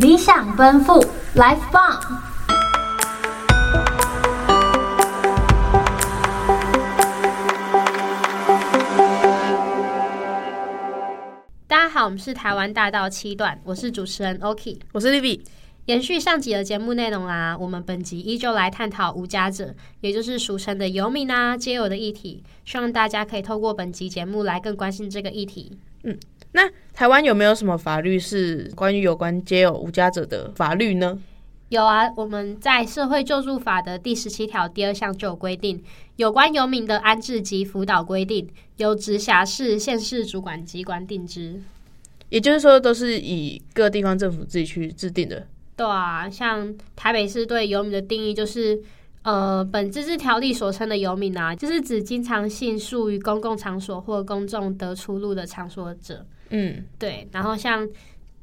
理想奔赴 Life，來吧。大家好，我們是台灣大道七段，我是主持人 Oakie，我是 Livy。延續上集的節目內容啦、啊，我們本集依舊來探討無家者，也就是俗稱的游民啊、街友的議題。希望大家可以透過本集節目來更關心這個議題。嗯。那台灣有沒有什麼法律是關於有關街友無家者的法律呢？有啊，我們在社會救助法的第十七條第二項就有規定，有關遊民的安置及輔導規定，由直轄市、縣市主管機關訂之。也就是說，都是以各地方政府自己去制定的。對啊，像台北市對遊民的定義就是，呃，本自治條例所稱的遊民啊，就是指經常性宿於公共場所或公眾得出入的場所者。嗯，對，然後像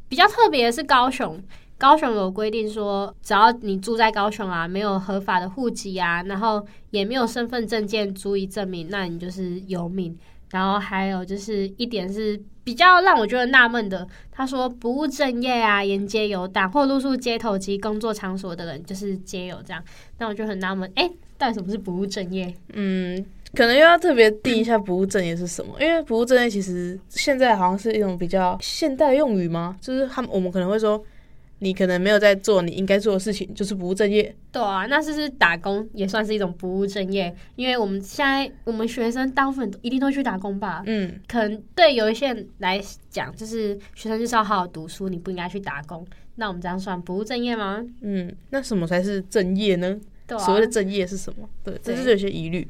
比較特別的是高雄，高雄有規定說，只要你住在高雄啊，沒有合法的戶籍啊，然後也沒有身份證件足以證明，那你就是遊民。然後還有就是一點是比較讓我覺得納悶的，他說不務正業啊，沿街遊蕩或露宿街頭及工作場所的人就是街友，這樣，那我就很納悶，誒，但什麼是不務正業？嗯。可能又要特別定一下不務正業是什麼？嗯、因為不務正業其實現在好像是一種比較現代用語嘛？就是他們我們可能會說，你可能沒有在做你應該做的事情，就是不務正業。對啊，那是不是打工也算是一種不務正業？因為我們現在我們學生大部分一定都去打工吧？嗯，可能對有一些人來講，就是學生就是要好好讀書，你不應該去打工。那我們這樣算不務正業嗎？嗯，那什麼才是正業呢？對啊、所謂的正業是什麼？對，對，這就是有些疑慮。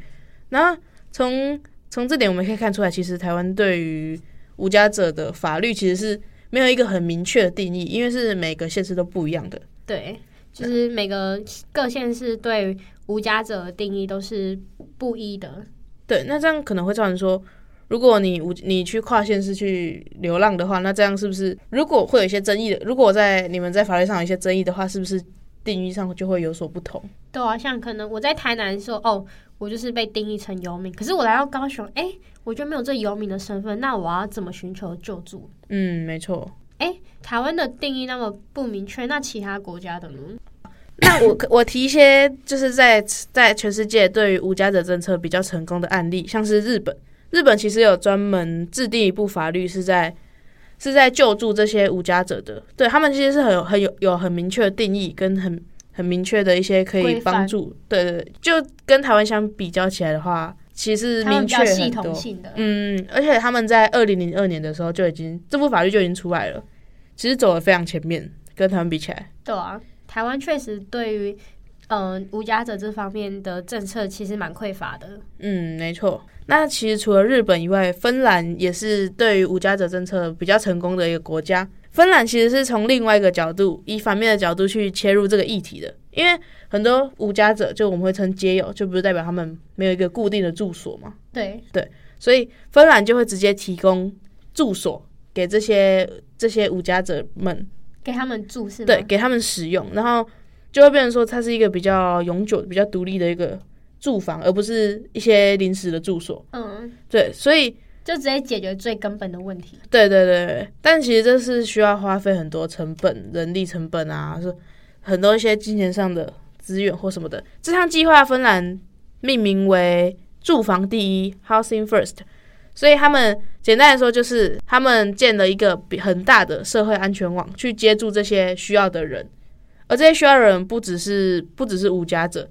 那從從這點我們可以看出來，其實台灣對於無家者的法律其實是沒有一個很明確的定義，因為是每個縣市都不一樣的。對，就是每個各縣市對無家者的定義都是不一的。對，那這樣可能會造成說，如果你無你去跨縣市去流浪的話，那這樣是不是如果會有一些爭議的？如果在你們在法律上有一些爭議的話，是不是定義上就會有所不同？對啊，像可能我在台南說哦。我就是被定義成遊民，可是我來到高雄，哎、欸，我就沒有這遊民的身份，那我要怎麼尋求救助？嗯，沒錯。哎、欸，台灣的定義那麼不明確，那其他國家的呢？ 那我我提一些，就是在在全世界對於無家者政策比較成功的案例，像是日本，日本其實有專門制定一部法律，是在是在救助這些無家者的，對他們其實是很有很有有很明確的定義跟很。很明確的一些可以幫助，範對，對對，就跟台灣相比，比較起來的話，其實明確很多，嗯，而且他們在二零零二年的時候就已經這部法律就已經出來了，其實走的非常前面，跟台灣比起來，對啊，台灣確實對於。嗯、呃，無家者這方面的政策其實蠻匱乏的。嗯，沒錯。那其實除了日本以外，芬蘭也是對於無家者政策比較成功的一個國家。芬蘭其實是從另外一個角度，以反面的角度去切入這個議題的。因為很多無家者，就我們會稱街友，就不是代表他們沒有一個固定的住所嘛？對對。所以芬蘭就會直接提供住所給這些這些無家者們，給他們住是嗎？對，給他們使用，然後。就會變成說，它是一個比較永久、比較獨立的一個住房，而不是一些臨時的住所。嗯，對，所以就直接解決最根本的問題。對對對，但其實這是需要花費很多成本、人力成本啊，是很多一些金錢上的資源或什麼的。這項計劃，芬蘭命名為“住房第一 ”（Housing First），所以他們簡單來說，就是他們建了一個很大的社會安全網，去接住這些需要的人。而這些需要的人不只是不只是無家者，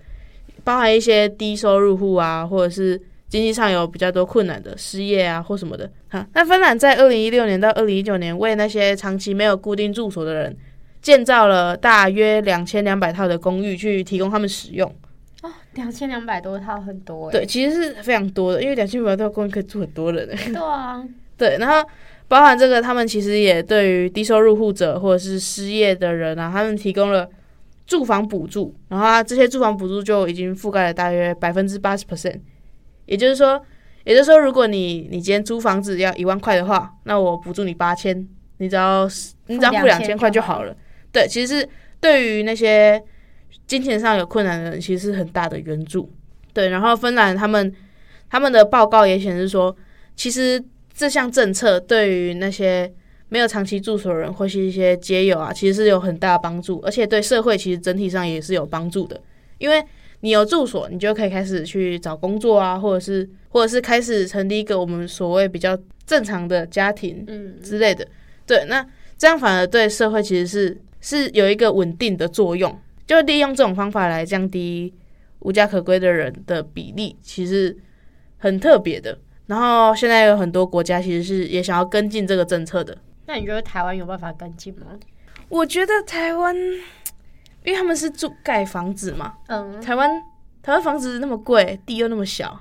包含一些低收入戶啊，或者是經濟上有比較多困難的失業啊或什麼的。哈、啊，那芬蘭在二零一六年到二零一九年為那些長期沒有固定住所的人建造了大約兩千兩百套的公寓，去提供他們使用。啊、哦，兩千兩百多套，很多，欸。對，其實是非常多的，因為兩千五百多套公寓可以住很多人。對啊，對，然後。包含這個，他們其實也對於低收入戶者或者是失業的人啊，他們提供了住房補助，然後啊，這些住房補助就已經覆蓋了大約百分之八十 percent。也就是說，也就是說，如果你你今天租房子要一萬塊的話，那我補助你八千，你只要你只要付兩千塊就好了。好了，對，其實對於那些金錢上有困難的人，其實是很大的援助。對，然後芬蘭他們他們的報告也顯示說，其實。這項政策對於那些沒有長期住所的人，或是一些街友啊，其實是有很大的幫助，而且對社會其實整體上也是有幫助的。因為你有住所，你就可以開始去找工作啊，或者是或者是開始成立一個我們所謂比較正常的家庭之類的。嗯。對，那這樣反而對社會其實是是有一個穩定的作用，就利用這種方法來降低無家可歸的人的比例，其實很特別的。然後現在有很多國家其實是也想要跟進這個政策的。那你覺得台灣有辦法跟進嗎？我覺得台灣，因為他們是住蓋房子嘛，嗯，台灣台灣房子那麼貴，地又那麼小，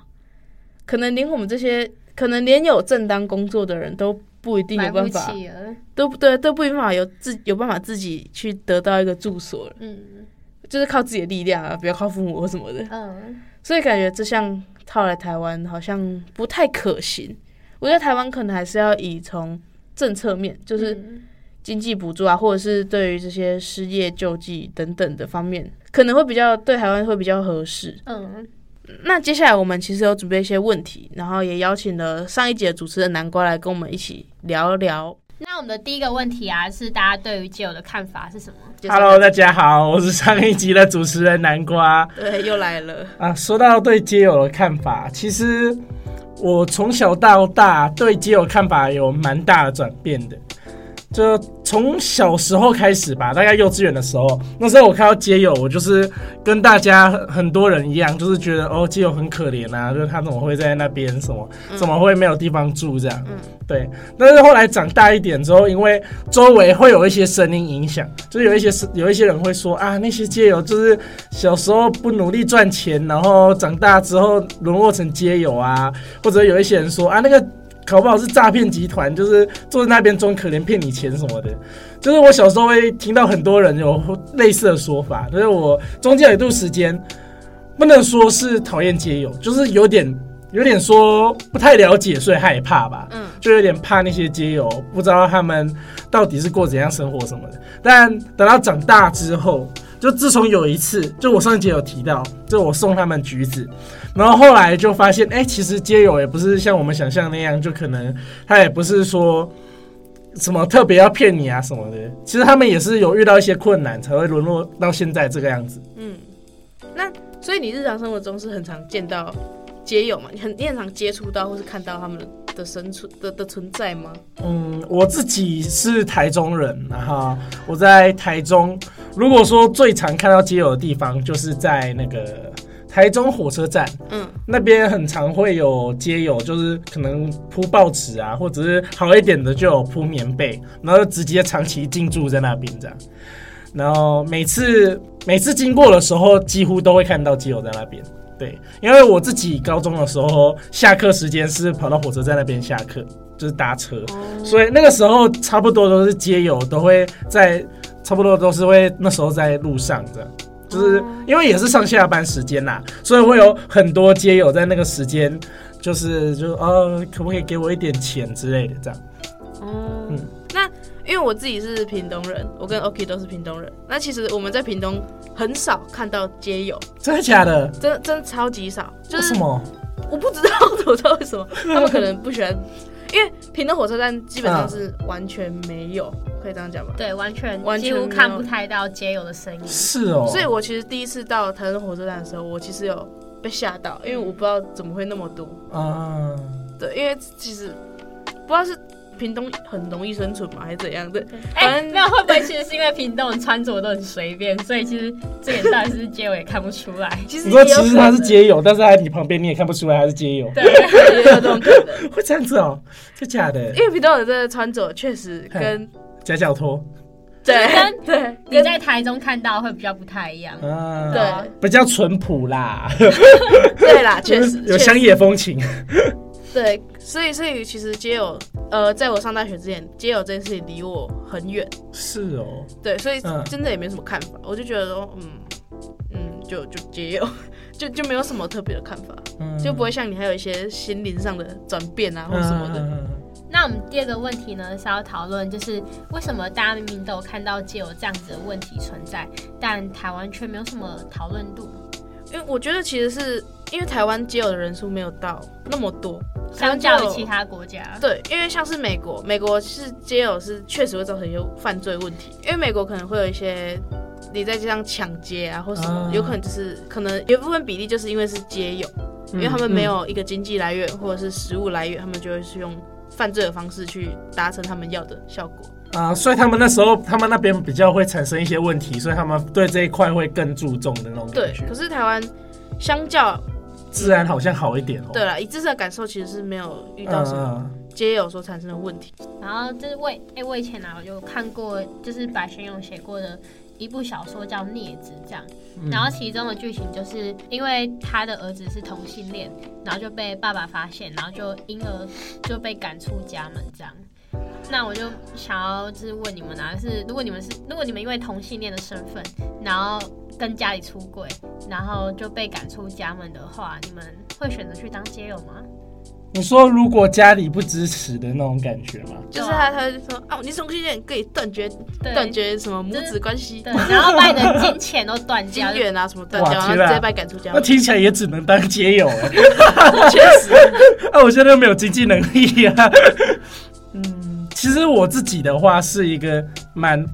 可能連我們這些可能連有正當工作的人都不一定有辦法，不都對都不一定有辦法有自有，有辦法自己去得到一個住所了，嗯。就是靠自己的力量啊，不要靠父母什麼的。嗯，所以感覺這項套來台灣好像不太可行。我覺得台灣可能還是要以從政策面，就是經濟補助啊，嗯、或者是對於這些失業救濟等等的方面，可能會比較對台灣會比較合適。嗯，那接下來我們其實有準備一些問題，然後也邀請了上一集的主持人南瓜來跟我們一起聊聊。那我們的第一個問題啊，是大家對於街友的看法是什麼？Hello，大家好， 我是上一集的主持人南瓜。對，又來了啊！說到對街友的看法，其實我從小到大對街友看法有蠻大的轉變的。就從小時候開始吧，大概幼稚園的時候，那時候我看到街友，我就是跟大家很多人一樣，就是覺得哦，街友很可憐啊，就是他怎麼會在那邊什麼，嗯、怎麼會沒有地方住這樣？嗯、對。但是後來長大一點之後，因為周圍會有一些聲音影響，就是有一些、嗯、有一些人會說啊，那些街友就是小時候不努力賺錢，然後長大之後淪落成街友啊，或者有一些人說啊那個。搞不好是詐騙集團，就是坐在那邊裝可憐騙你錢什麼的。就是我小時候會聽到很多人有類似的說法，就是我中間有一段時間不能說是討厭街友，就是有點有點說不太了解，所以害怕吧。嗯，就有點怕那些街友，不知道他們到底是過怎樣生活什麼的。但等到長大之後。就自從有一次，就我上一集有提到，就我送他們橘子，然後後來就發現，哎、欸，其實街友也不是像我們想象那樣，就可能他也不是說什麼特別要騙你啊什麼的，其實他們也是有遇到一些困難才會淪落到現在這個樣子。嗯，那所以你日常生活中是很常見到街友嗎？你很你很常接觸到或是看到他們的？的生存的的存在嗎？嗯，我自己是台中人，然後我在台中，如果說最常看到街友的地方，就是在那個台中火車站，嗯，那邊很常會有街友，就是可能鋪報紙啊，或者是好一點的就有鋪棉被，然後就直接長期進駐在那邊這樣，然後每次每次經過的時候，幾乎都會看到街友在那邊。對，因為我自己高中的時候下課時間是跑到火車站那邊下課，就是搭車，所以那個時候差不多都是街友都會在，差不多都是會那時候在路上這樣，就是因為也是上下班時間啦，所以會有很多街友在那個時間、就是，就是就呃，可不可以給我一點錢之類的這樣。嗯，那因為我自己是屏東人，我跟 Oakie 都是屏東人。那其實我們在屏東很少看到街友，真的假的？真的真的超級少，就是什麼？我不知道，我不知道為什麼 他們可能不喜歡，因為屏東火車站基本上是完全沒有，啊、可以這樣講吧？對，完全完全幾乎看不太到街友的身影。是哦，所以我其實第一次到台中火車站的時候，我其實有被嚇到，因為我不知道怎麼會那麼多。啊，對，因為其實不知道是。屏東很容易生存嘛，還是怎樣的？哎，那會不會其實是因為屏東的穿着都很隨便，所以其實這也算是街友也看不出來。其實你說其實他是街友，但是在你旁邊你也看不出來，他是街友。對，也有這種可能。會這樣子哦？是假的？因為屏東的穿着確實跟假腳拖，對，跟對，你在台中看到會比較不太一樣。嗯，對，比較淳樸啦。對啦，確實有鄉野風情。對。所以，所以其實街友，呃，在我上大學之前，街友這件事情離我很遠。是哦。對，所以真的也沒什麼看法，嗯、我就覺得說，嗯，嗯，就就街友， 就就沒有什麼特別的看法，嗯、就不會像你還有一些心靈上的轉變啊或什麼的。嗯嗯嗯、那我們第二個問題呢是要討論，就是為什麼大家明明都有看到街友這樣子的問題存在，但台灣卻沒有什麼討論度？因為我覺得其實是因為台灣街友的人數沒有到那麼多，相較於其他國家，對，因為像是美國，美國是街友是確實會造成一些犯罪問題，因為美國可能會有一些，你在街上搶劫啊，或什麼，啊、有可能就是可能有一部分比例就是因為是街友，嗯、因為他們沒有一個經濟來源、嗯、或者是食物來源，他們就會是用犯罪的方式去達成他們要的效果。啊、呃，所以他們那時候，他們那邊比較會產生一些問題，所以他們對這一塊會更注重的那種感覺。對，可是台灣相較，自然好像好一點哦、喔。對了，以自身的感受其實是沒有遇到什麼皆有所產生的問題。嗯、然後就是為哎、欸啊，我以前啊有看過，就是白先勇寫過的一部小說叫《孽子》這樣。然後其中的劇情就是因為他的兒子是同性戀，然後就被爸爸發現，然後就因而就被趕出家門這樣。那我就想要就是問你們吶、啊，是如果你們是如果你們因為同性戀的身份，然後跟家裡出櫃，然後就被趕出家門的話，你們會選擇去當街友嗎？你說如果家裡不支持的那種感覺嗎？就是他他就說哦、啊，你同性戀可以斷絕斷絕什麼母子關係，然後把你的金錢都斷掉，源、啊什麼斷掉，啊、然後直接被趕出家門。那聽起來也只能當街友了，確 實。 啊，我現在又沒有經濟能力呀、啊。其實我自己的話是一個蠻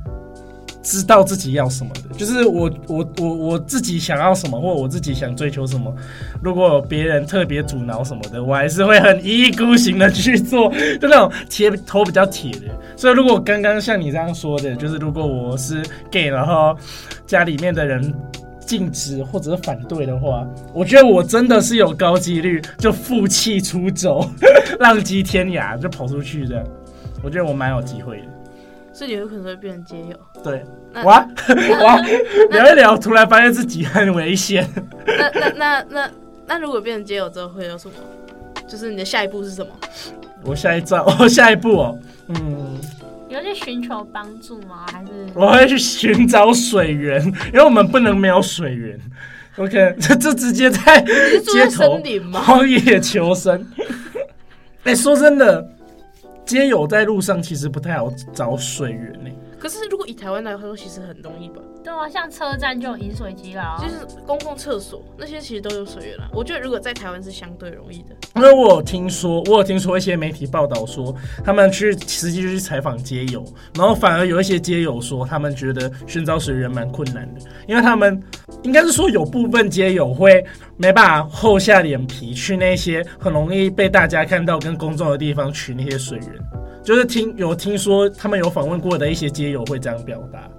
知道自己要什麼的，就是我我我我自己想要什麼，或我自己想追求什麼，如果別人特別阻撓什麼的，我還是會很一意孤行的去做，就那種鐵頭比較鐵的。所以如果剛剛像你這樣說的，就是如果我是 gay，然後家裡面的人禁止或者是反對的話，我覺得我真的是有高幾率就負氣出走， 浪跡天涯，就跑出去的。我覺得我蠻有機會的，所以你有可能會變成街友。對，哇那哇，聊一聊，突然發現自己很危險。那那那那那，那那那如果變成街友之後會有什麼？就是你的下一步是什麼？我下一站，我下一步哦，嗯。你要去尋求幫助嗎？還是？我會去尋找水源，因為我們不能沒有水源。OK，這這直接在，街頭在森林嗎？荒野求生。哎、欸，說真的。街友在路上，其實不太好找水源呢、欸。可是，如果以台灣來的話，其實很容易吧？對啊，像車站就有飲水機啦，就是公共廁所那些其實都有水源啦、啊。我覺得如果在台灣是相對容易的，因為我有聽說，我有聽說一些媒體報道說，他們去實際去採訪街友，然後反而有一些街友說，他們覺得尋找水源蠻困難的，因為他們應該是說有部分街友會沒辦法厚下臉皮去那些很容易被大家看到跟公眾的地方取那些水源。就是聽有聽說他們有訪問過的一些街友會這樣表達，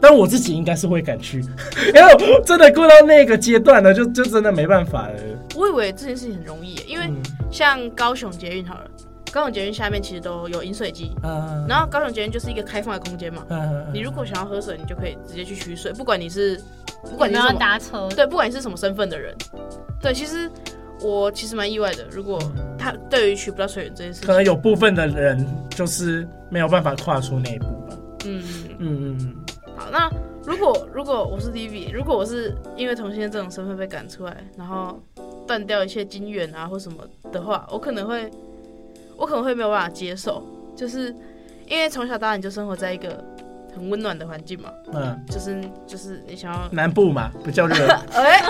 但我自己應該是會敢去，然後真的過到那個階段呢，就就真的沒辦法了。我以為這件事情很容易，因為像高雄捷運好了，高雄捷運下面其實都有飲水機，然後高雄捷運就是一個開放的空間嘛，你如果想要喝水，你就可以直接去取水，不管你是不管你要搭車，對，不管你是什麼身份的人，對，其實。我其實蠻意外的，如果他對於取不到水源這件事，可能有部分的人就是沒有辦法跨出那一步吧。嗯嗯嗯。嗯好，那如果如果我是 D B，如果我是因為同性戀這種身份被趕出來，然後斷掉一些金援啊或什麼的話，我可能會我可能會沒有辦法接受，就是因為從小到大你就生活在一個。很溫暖的環境嘛，嗯，就是就是你想要南部嘛，比較熱，哎，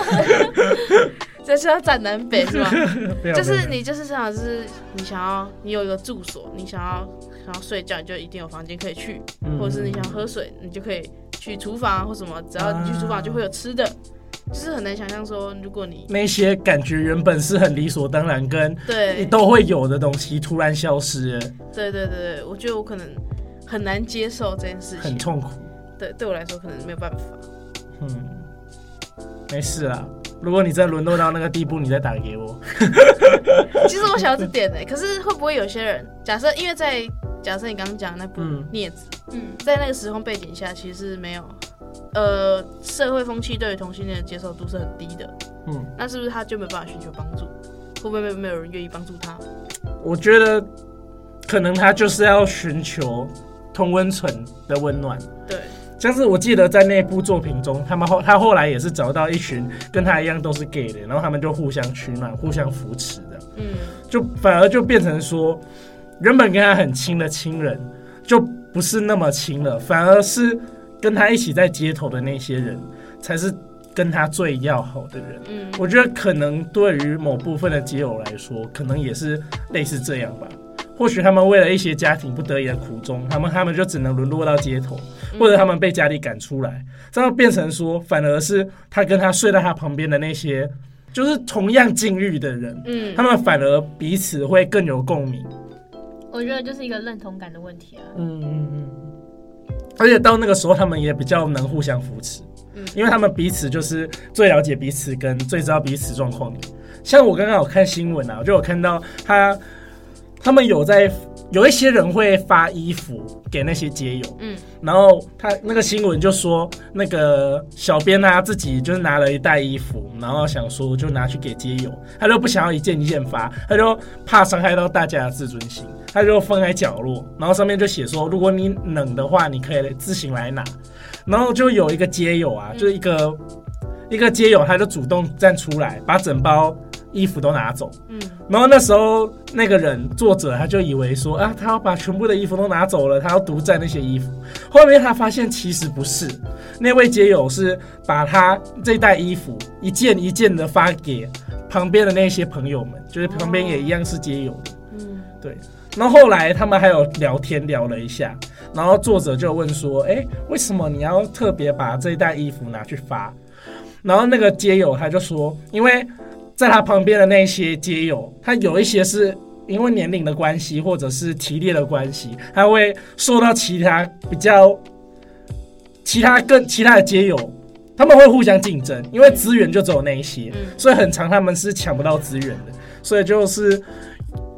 這是要站南北是嗎？就是你就是想就是你想要你有一個住所，你想要想要睡覺，你就一定有房間可以去，嗯、或者是你想喝水，你就可以去廚房或什麼，只要你去廚房就會有吃的，啊、就是很難想象，說如果你那些感覺原本是很理所當然跟對你都會有的東西突然消失，對對，對對對，我覺得我可能。很難接受這件事情，很痛苦。對，對我來說可能沒有辦法。嗯，沒事啦。如果你再淪落到那個地步，你再打給我。 其實我想要這點呢、欸。 可是會不會有些人，假設因為在假設你剛剛講那部鑷子，嗯，嗯，在那個時空背景下，其實沒有，呃，社會風氣對於同性戀的接受度是很低的，嗯，那是不是他就沒有辦法尋求幫助？會不會沒有人願意幫助他？我覺得可能他就是要尋求。同溫存的溫暖，對，像是我記得在那部作品中，他們後他後來也是找到一群跟他一樣都是 gay 的，然後他們就互相取暖、互相扶持的。嗯，就反而就變成說，原本跟他很親的親人就不是那麼親了，反而是跟他一起在街頭的那些人才是跟他最要好的人。嗯，我覺得可能對於某部分的街友來說，可能也是類似這樣吧。或許他們為了一些家庭不得已的苦衷，他們他們就只能淪落到街頭，或者他們被家裡趕出來，嗯，這樣變成說，反而是他跟他睡在他旁邊的那些，就是同樣境遇的人，嗯，他們反而彼此會更有共鳴。我覺得就是一個認同感的問題啊。嗯嗯嗯。而且到那個時候，他們也比較能互相扶持，嗯，因為他們彼此就是最了解彼此，跟最知道彼此狀況的。像我剛剛有看新聞啊，就有看到他。他們有在有一些人會發衣服給那些街友，嗯，然後他那個新聞就說，那個小編他自己就是拿了一袋衣服，然後想說就拿去給街友，他就不想要一件一件發，他就怕傷害到大家的自尊心，他就放在角落，然後上面就寫說，如果你冷的話，你可以自行來拿，然後就有一個街友啊，就是一個、嗯、一個街友，他就主動站出來把整包。衣服都拿走，嗯，然後那時候那個人作者他就以為說啊，他要把全部的衣服都拿走了，他要獨佔那些衣服。後面他發現其實不是，那位街友是把他這一袋衣服一件一件的發給旁邊的那些朋友們，就是旁邊也一樣是街友的，嗯，oh. 對。然後後來他們還有聊天聊了一下，然後作者就問說，誒、欸，為什麼你要特別把這一袋衣服拿去發？然後那個街友他就說，因為。在他旁邊的那些街友，他有一些是因為年齡的關係，或者是體力的關係，他會受到其他比較其他跟其他的街友，他們會互相競爭，因為資源就只有那一些，所以很常他們是搶不到資源的，所以就是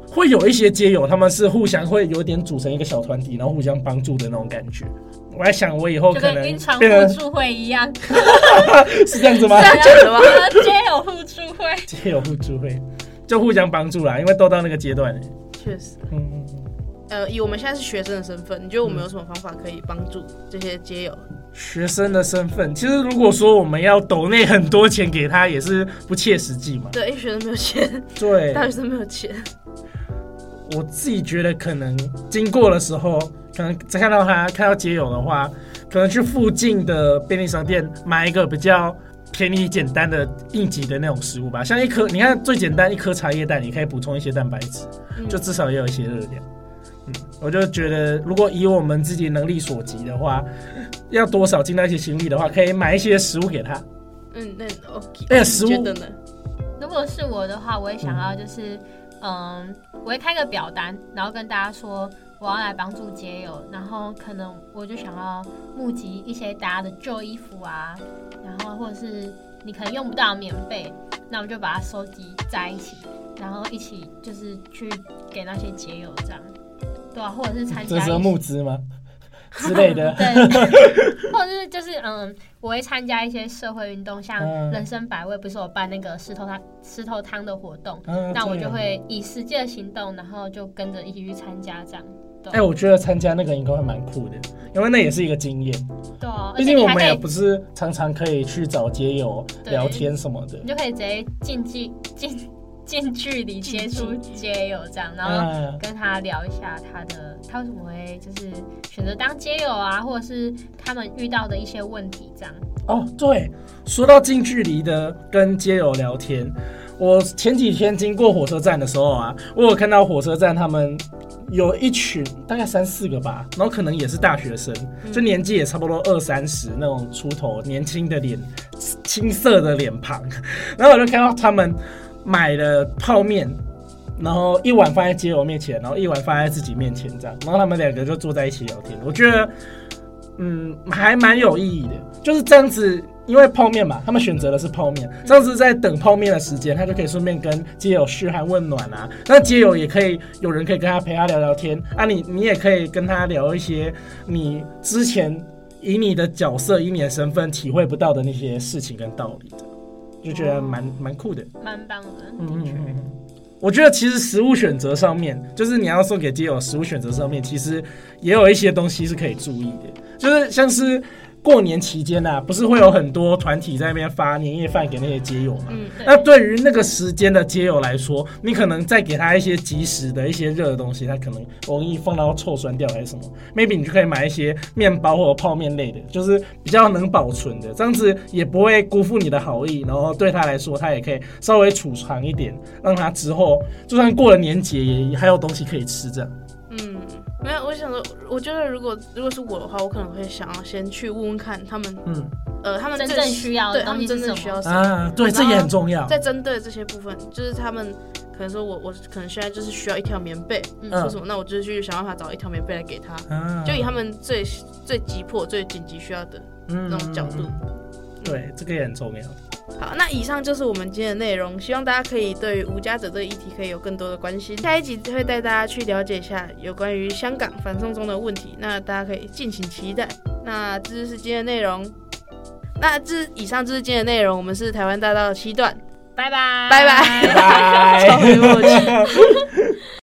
會有一些街友，他們是互相會有點組成一個小團體，然後互相幫助的那種感覺。我在想，我以後跟能常互助會一樣， 是這樣子嗎？是這樣子嗎？街友互助會，街友互助會，就互相幫助啦，因為都到那個階段了、欸。確實，嗯嗯嗯。呃，以我們現在是學生的身份，你覺得我們有什麼方法可以幫助這些街友？學生的身份，其實如果說我們要抖內很多錢給他，也是不切實際嘛。對，因為學生沒有錢。對，大學生沒有錢。我自己覺得，可能經過的時候，可能只看到他看到街友的話，可能去附近的便利商店買一個比較便宜簡單的應急的那種食物吧，像一顆，你看最簡單一顆茶葉蛋，也可以補充一些蛋白質，就至少也有一些熱量。嗯,嗯，我就覺得，如果以我們自己的能力所及的話，要多少盡到一些心力的話，可以買一些食物給他。嗯，那 OK、欸。哎，食物呢？如果是我的話，我也想要就是。嗯，我會開個表單，然後跟大家說我要來幫助街友，然後可能我就想要募集一些大家的舊衣服啊，然後或者是你可能用不到的棉被，那我們就把它收集在一起，然後一起就是去給那些街友這樣，對啊，或者是參加。這是募資嗎？之類的、啊，對， 或者是就是嗯，我會參加一些社會運動，像人生百味，嗯、不是我辦那個石頭湯石頭湯的活動，嗯、那我就會以實際的行動，然後就跟着一起去參加這樣。哎、欸，我覺得參加那個應該會蠻酷的，因為那也是一個經驗。對啊、嗯，畢竟我們也不是常常可以去找街友聊天什麼的，你就可以直接競技進。近距離接觸街友，這樣，然後跟他聊一下他的，嗯、他為什麼會就是選擇當街友啊，或者是他們遇到的一些問題，這樣。哦，對，說到近距離的跟街友聊天，我前幾天經過火車站的時候啊，我有看到火車站他們有一群大概三四個吧，然後可能也是大學生，嗯、就年紀也差不多二三十那種出頭，年輕的臉，青澀的臉龐，然後我就看到他們。買了泡麵，然後一碗放在街友面前，然後一碗放在自己面前，這樣，然後他們兩個就坐在一起聊天。我覺得，嗯，還蠻有意義的，就是這樣子，因為泡麵嘛，他們選擇的是泡麵，這樣子在等泡麵的時間，他就可以順便跟街友噓寒問暖啊。那街友也可以有人可以跟他陪他聊聊天啊，你，你你也可以跟他聊一些你之前以你的角色、以你的身份體會不到的那些事情跟道理。就覺得蠻蠻酷的、蠻棒的。嗯嗯嗯，我覺得其實食物選擇上面，就是你要送給基 o 食物選擇上面，其實也有一些東西是可以注意的，就是像是。過年期間啊，不是會有很多團體在那邊發年夜飯給那些街友嗎？嗯、對。那對於那個時間的街友來說，你可能再給他一些及時的一些熱的東西，他可能容易放到臭酸掉還是什麼？Maybe 你就可以買一些麵包或者泡麵類的，就是比較能保存的，這樣子也不會辜負你的好意。然後對他來說，他也可以稍微儲藏一點，讓他之後就算過了年節，也還有東西可以吃，這樣。沒有，我想說，我覺得如果如果是我的話，我可能會想要先去問問看他們，嗯，呃，他們真正需要，對，他們真正需要什麼，對，這也很重要，再針對這些部分，就是他們可能說，我我可能現在就是需要一條棉被，說什麼，那我就去想辦法找一條棉被來給他，就以他們最最急迫、最緊急需要的那種角度，對，這個也很重要。好，那以上就是我們今天的內容，希望大家可以對於無家者這個議題可以有更多的關心。下一集會帶大家去了解一下有關於香港反送中的問題，那大家可以敬請期待。那這是今天的內容，那這以上就是今天的內容，我們是臺灣大道的七段，拜拜，拜拜。過